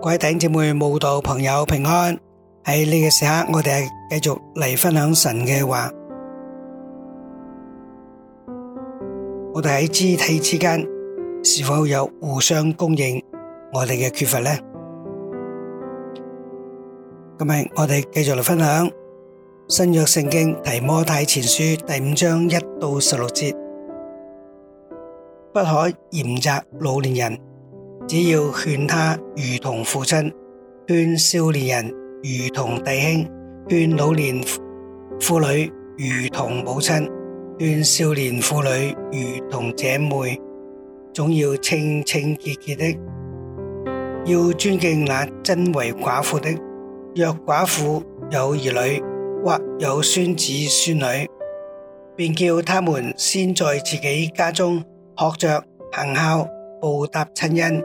各位姊妹、聽眾朋友平安，喺呢個時刻，我哋繼續嚟分享神嘅話。我哋喺肢體之間是否有互相供應我哋嘅缺乏呢？今日我哋繼續嚟分享新約聖經提摩太前書第五章一到十六節，不可嚴責老年人。只要勸他如同父親，勸少年人如同弟兄，勸老年婦女如同母親，勸少年婦女如同姐妹，總要清清潔潔的，要尊敬那真為寡婦的。若寡婦有兒女或有孫子孫女，便叫他們先在自己家中學着行孝，報答親恩。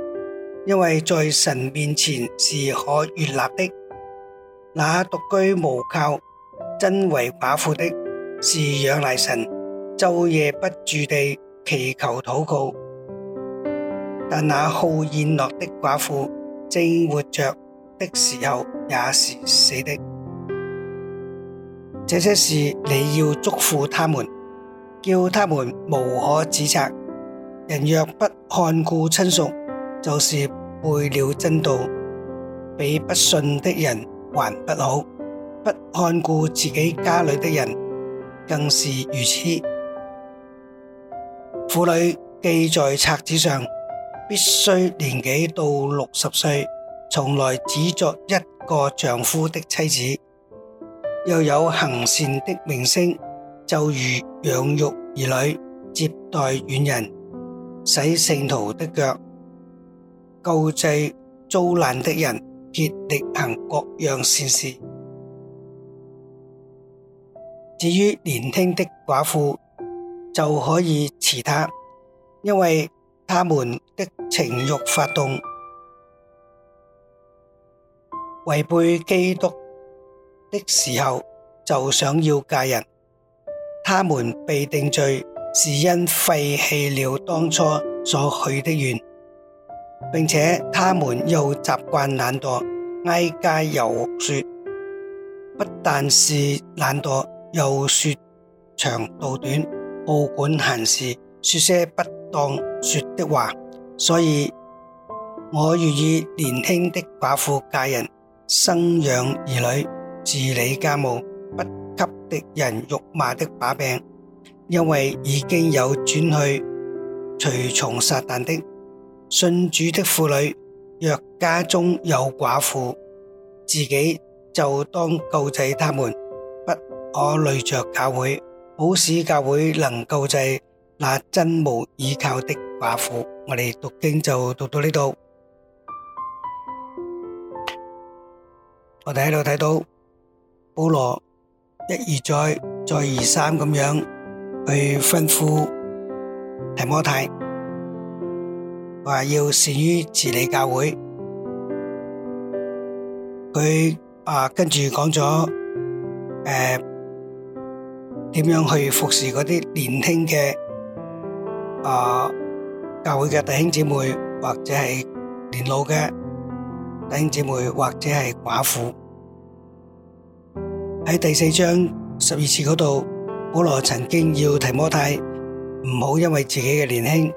因為在神面前是可悅納的，那獨居無靠、真為寡婦的，是仰賴神，晝夜不住地祈求禱告。但那好宴樂的寡婦，正活着的時候也是死的。這些事你要囑咐他們，叫他們無可指責。人若不看顧親屬，就是背了真道，比不信的人還不好。不看顧自己家裏的人，更是如此。婦女記在冊子上，必須年紀到六十歲，從來只作一個丈夫的妻子，又有行善的名聲，就如養育兒女、接待遠人、洗聖徒的腳。救濟遭難的人，竭力行各樣善事。至於年輕的寡婦，就可以辭他，因為他們的情欲發動，違背基督的時候，就想要嫁人。他們被定罪，是因廢棄了當初所許的願。並且他們又習慣懶惰，挨街遊說，不但是懶惰，又說長道短，好管閑事，說些不當說的話。所以我願意年輕的寡婦嫁人生養兒女，治理家務，不給敵人辱罵的把柄，因為已經有轉去隨從撒旦的。信主的婦女，若家中有寡婦，自己就當救濟他們，不可累着教會。好使教會能救濟那真無倚靠的寡婦。我哋讀經就讀到呢度，我哋喺度睇到保羅一而再、再而三咁樣去吩咐提摩太。話要善於治理教會，佢啊，跟住講咗誒，點樣去服侍嗰啲年輕嘅啊教會嘅弟兄姊妹，或者係年老嘅弟兄姊妹，或者係寡婦。喺第四章十二節嗰度，保羅曾經要提摩太唔好因為自己嘅年輕。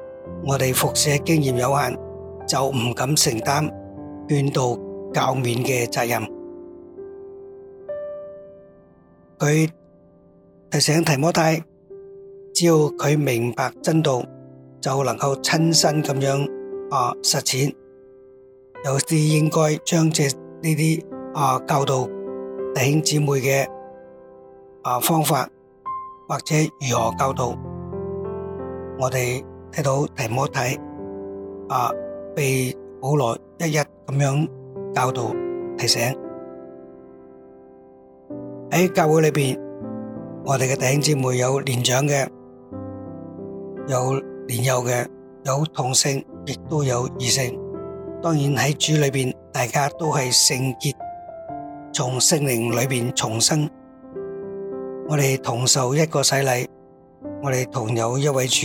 我哋服侍經驗有限，就唔敢承擔勸導教勉嘅責任。佢提醒提摩太，只要佢明白真道，就能夠親身咁樣啊實踐。尤其應該將這呢啲啊教導弟兄姊妹嘅啊方法，或者如何教導我哋。睇到提摩太，啊，被保羅一一咁樣教導提醒。喺教會裏邊，我哋嘅弟兄姊妹有年長嘅，有年幼嘅，有同性，亦都有異性。當然喺主裏邊，大家都係聖潔，從聖靈裏邊重生。我哋同受一個洗禮，我哋同有一位主。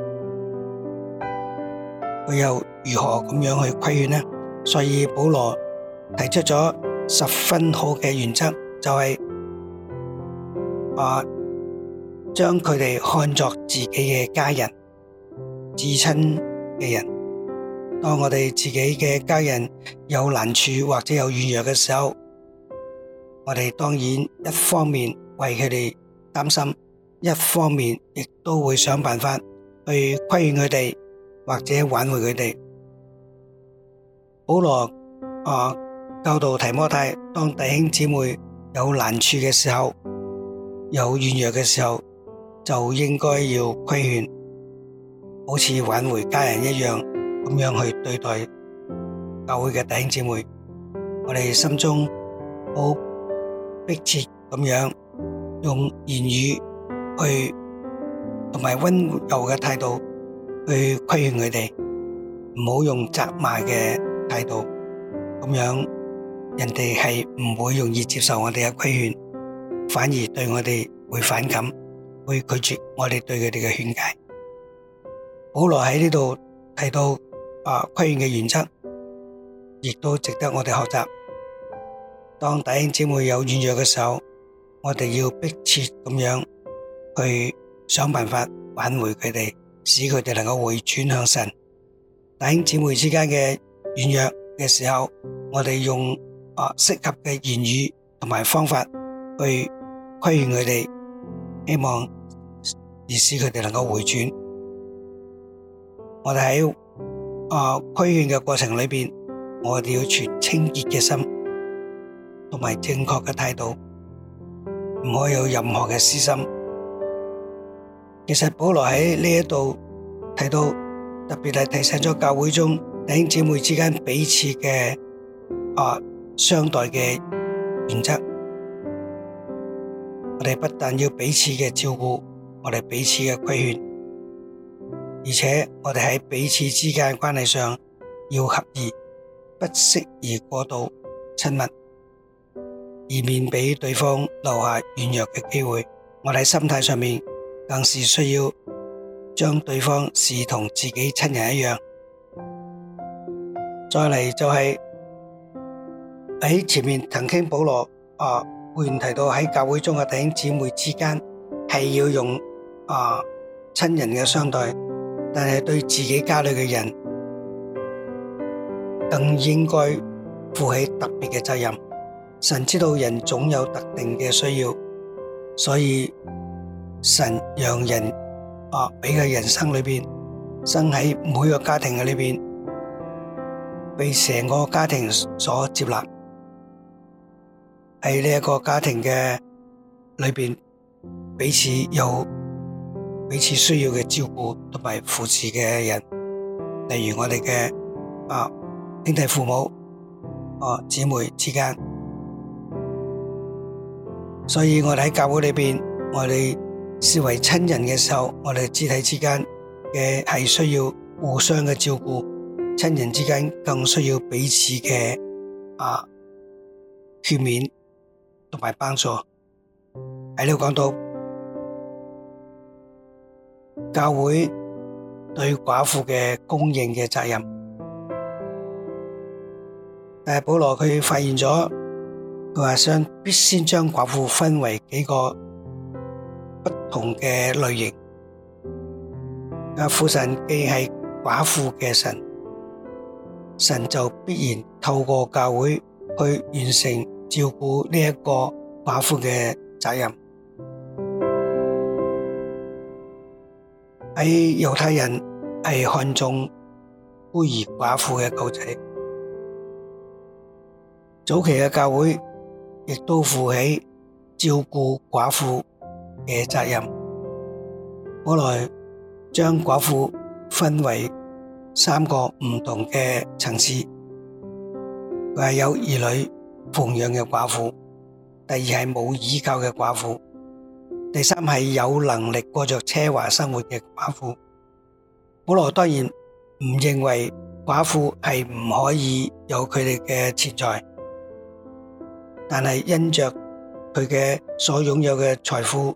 佢又如何咁樣去規勸呢？所以保羅提出咗十分好嘅原則，就係、是、把、啊、將佢哋看作自己嘅家人、至親嘅人。當我哋自己嘅家人有難處或者有軟弱嘅時候，我哋當然一方面為佢哋擔心，一方面亦都會想辦法去規勸佢哋。或者挽回佢哋，保羅啊教導提摩太，當弟兄姊妹有難處嘅時候，有軟弱嘅時候，就應該要規勸，好似挽回家人一樣咁樣去對待教會嘅弟兄姊妹。我哋心中好迫切咁樣用言語去同埋溫柔嘅態度。去規勸佢哋，唔好用責罵嘅態度，咁樣人哋係唔會容易接受我哋嘅規勸，反而對我哋會反感，會拒絕我哋對佢哋嘅勸解。保羅喺呢度提到啊規勸嘅原則，亦都值得我哋學習。當弟兄姊妹有軟弱嘅時候，我哋要迫切咁樣去想辦法挽回佢哋。使佢哋能夠回轉向神，弟兄姊妹之間嘅軟弱嘅時候，我哋用啊適合嘅言語同埋方法去規勸佢哋，希望而使佢哋能夠回轉。我哋喺啊規勸嘅過程裏邊，我哋要存清潔嘅心，同埋正確嘅態度，唔可以有任何嘅私心。其實保羅喺呢一度提到，特別係提醒咗教會中弟兄姊妹之間彼此嘅啊相待嘅原則。我哋不但要彼此嘅照顧，我哋彼此嘅規勸，而且我哋喺彼此之間嘅關係上要合宜，不適宜過度親密，以免俾對方留下軟弱嘅機會。我哋喺心態上面。更是需要將對方視同自己親人一樣。再嚟就係喺前面曾經保羅啊，會提到喺教會中嘅弟兄姊妹之間係要用啊親人嘅相待，但係對自己家裏嘅人更應該負起特別嘅責任。神知道人總有特定嘅需要，所以。神讓人啊，俾嘅人生裏邊，生喺每個家庭嘅裏邊，被成個家庭所接納。喺呢一個家庭嘅裏邊，彼此有彼此需要嘅照顧同埋扶持嘅人，例如我哋嘅啊兄弟父母啊姊妹之間，所以我哋喺教會裏邊，我哋。視為親人嘅時候，我哋肢體之間嘅係需要互相嘅照顧，親人之間更需要彼此嘅啊見面同埋幫助。喺呢度講到教會對寡婦嘅供應嘅責任。但，保羅佢發現咗，佢話想必先將寡婦分為幾個。不同嘅類型，啊，父神既係寡婦嘅神，神就必然透過教會去完成照顧呢一個寡婦嘅責任。喺猶太人係看重孤兒寡婦嘅狗仔，早期嘅教會亦都負起照顧寡婦嘅責任，保羅將寡婦分為三個唔同嘅層次。佢係有兒女奉養嘅寡婦，第二係冇依靠嘅寡婦，第三係有能力過着奢華生活嘅寡婦。保羅當然唔認為寡婦係唔可以有佢哋嘅存在，但係因着佢嘅所擁有嘅財富。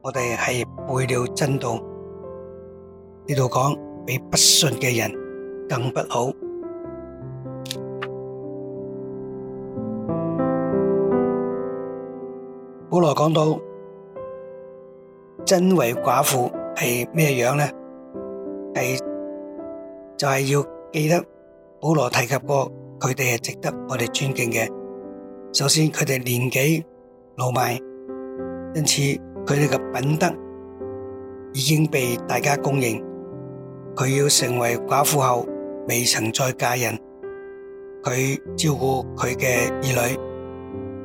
我哋係背了真道呢度講，比不信嘅人更不好。保羅講到真為寡婦係咩樣呢？係就係、是，要記得保羅提及過，佢哋係值得我哋尊敬嘅。首先，佢哋年紀老邁，因此。佢哋嘅品德已經被大家公認，佢要成為寡婦後未曾再嫁人，佢照顧佢嘅兒女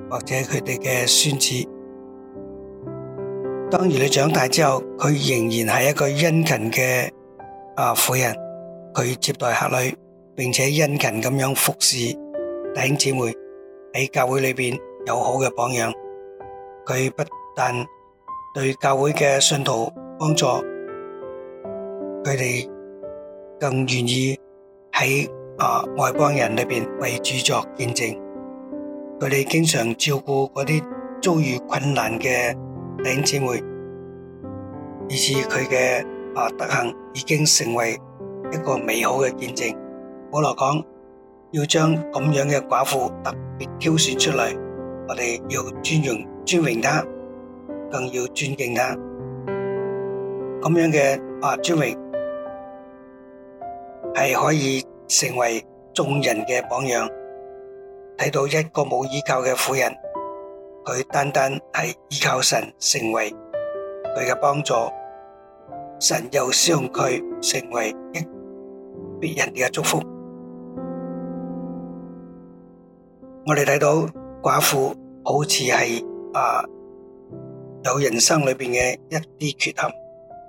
或者佢哋嘅孫子。當兒女長大之後，佢仍然係一個殷勤嘅啊婦人，佢接待客旅並且殷勤咁樣服侍弟兄姊妹，喺教會裏邊有好嘅榜樣。佢不但對教會嘅信徒幫助，佢哋更願意喺啊外邦人裏面為主作見證，佢哋經常照顧嗰啲遭遇困難嘅弟兄姊妹，以致佢嘅啊德行已經成為一個美好嘅見證。保羅講要將咁樣嘅寡婦特別挑選出嚟，我哋要尊榮尊榮他。更要尊敬他，咁樣嘅啊，尊榮係可以成為眾人嘅榜樣。睇到一個冇依靠嘅婦人，佢單單係依靠神成為佢嘅幫助，神又使用佢成為益別人哋嘅祝福。我哋睇到寡婦好似係啊。有人生裏邊嘅一啲缺陷，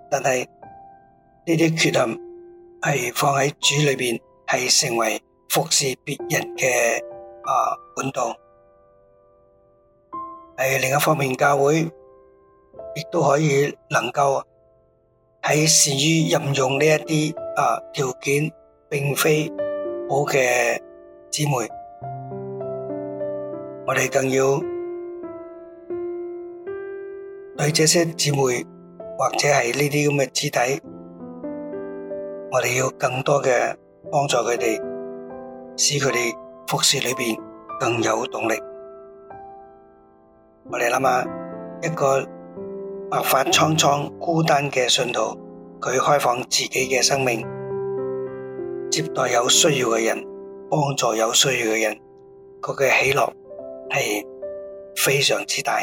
但係呢啲缺陷係放喺主裏邊，係成為服侍別人嘅啊管道，係另一方面教會亦都可以能夠喺善於任用呢一啲啊條件，並非好嘅姊妹，我哋更要。對這些姊妹或者係呢啲咁嘅肢體，我哋要更多嘅幫助佢哋，使佢哋服事裏面更有動力。我哋諗下，一個白髮蒼蒼、孤單嘅信徒，佢開放自己嘅生命，接待有需要嘅人，幫助有需要嘅人，佢嘅喜樂係非常之大。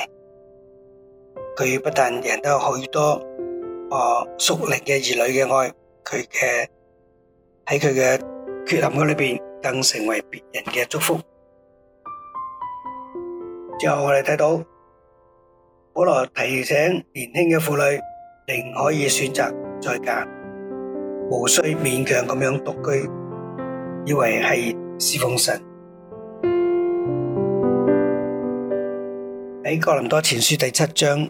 佢不但贏得許多誒熟齡嘅兒女嘅愛，佢嘅喺佢嘅缺陷嘅裏邊，更成為別人嘅祝福。之後我哋睇到保羅提醒年輕嘅婦女，仍可以選擇再嫁，無需勉強咁樣獨居，以為係侍奉神。喺哥林多前書第七章。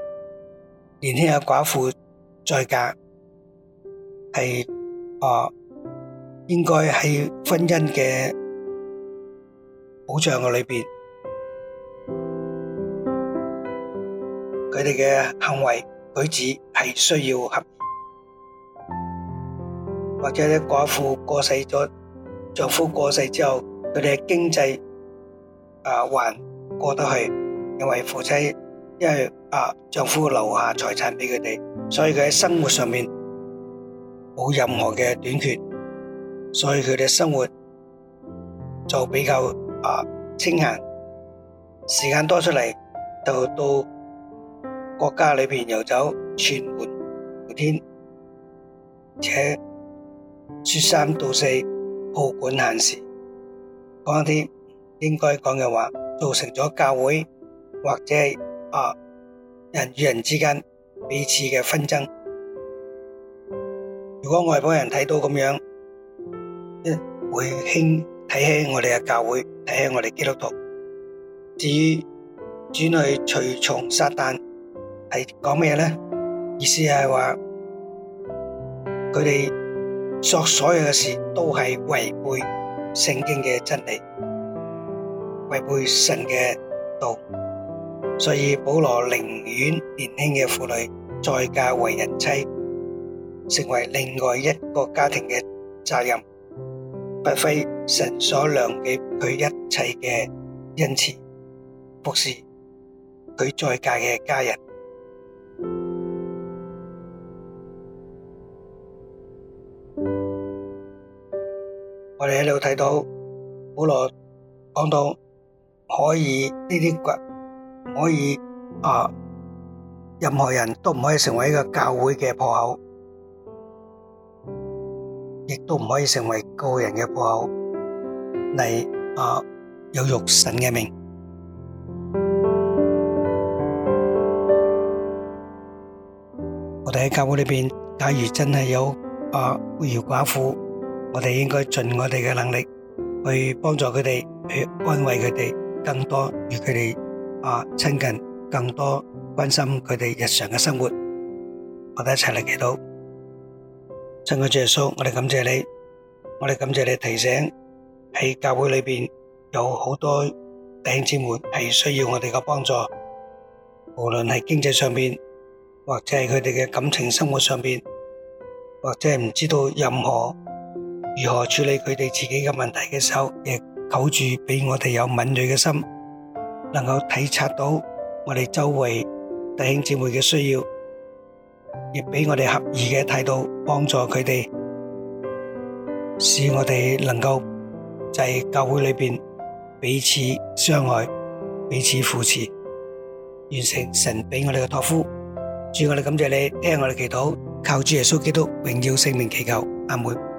年輕嘅寡婦再嫁，係誒應該喺婚姻嘅保障嘅裏面，佢哋嘅行為舉止係需要合理，或者啲寡婦過世咗，丈夫過世之後，佢哋嘅經濟誒還過得去，因為夫妻。因為啊，丈夫留下財產俾佢哋，所以佢喺生活上面冇任何嘅短缺，所以佢哋生活就比較啊清閒，時間多出嚟就到國家裏邊遊走串門聊天，且說三道四，好管閒事，講一啲唔應該講嘅話，造成咗教會或者係。啊！人與人之間彼此嘅紛爭，如果外國人睇到咁樣，會輕睇輕我哋嘅教會，睇輕我哋基督徒。至於轉去隨從撒旦，係講咩咧？意思係話佢哋作所有嘅事都係違背聖經嘅真理，違背神嘅道。所以保羅寧願年輕嘅婦女再嫁為人妻，成為另外一個家庭嘅責任，不非神所量嘅佢一切嘅恩慈服侍佢再嫁嘅家人。我哋喺度睇到保羅講到可以呢啲骨。可以啊，任何人都唔可以成為一個教會嘅破口，亦都唔可以成為個人嘅破口嚟啊，有辱神嘅命。我哋喺教會裏面。假如真係有啊孤兒寡婦，我哋應該盡我哋嘅能力去幫助佢哋，去安慰佢哋，更多與佢哋。啊，親近更多關心佢哋日常嘅生活，我哋一齊嚟祈禱。親愛的耶穌，我哋感謝你，我哋感謝你提醒喺教會裏邊有好多弟兄姊妹係需要我哋嘅幫助，無論係經濟上邊或者係佢哋嘅感情生活上邊，或者係唔知道任何如何處理佢哋自己嘅問題嘅時候，亦求主俾我哋有敏銳嘅心。能夠體察到我哋周圍弟兄姊妹嘅需要，亦俾我哋合意嘅態度，幫助佢哋，使我哋能夠在教會裏邊彼此相愛、彼此扶持，完成神俾我哋嘅託付。主我哋感謝你，聽我哋祈禱，靠主耶穌基督榮耀聖名祈求，阿門。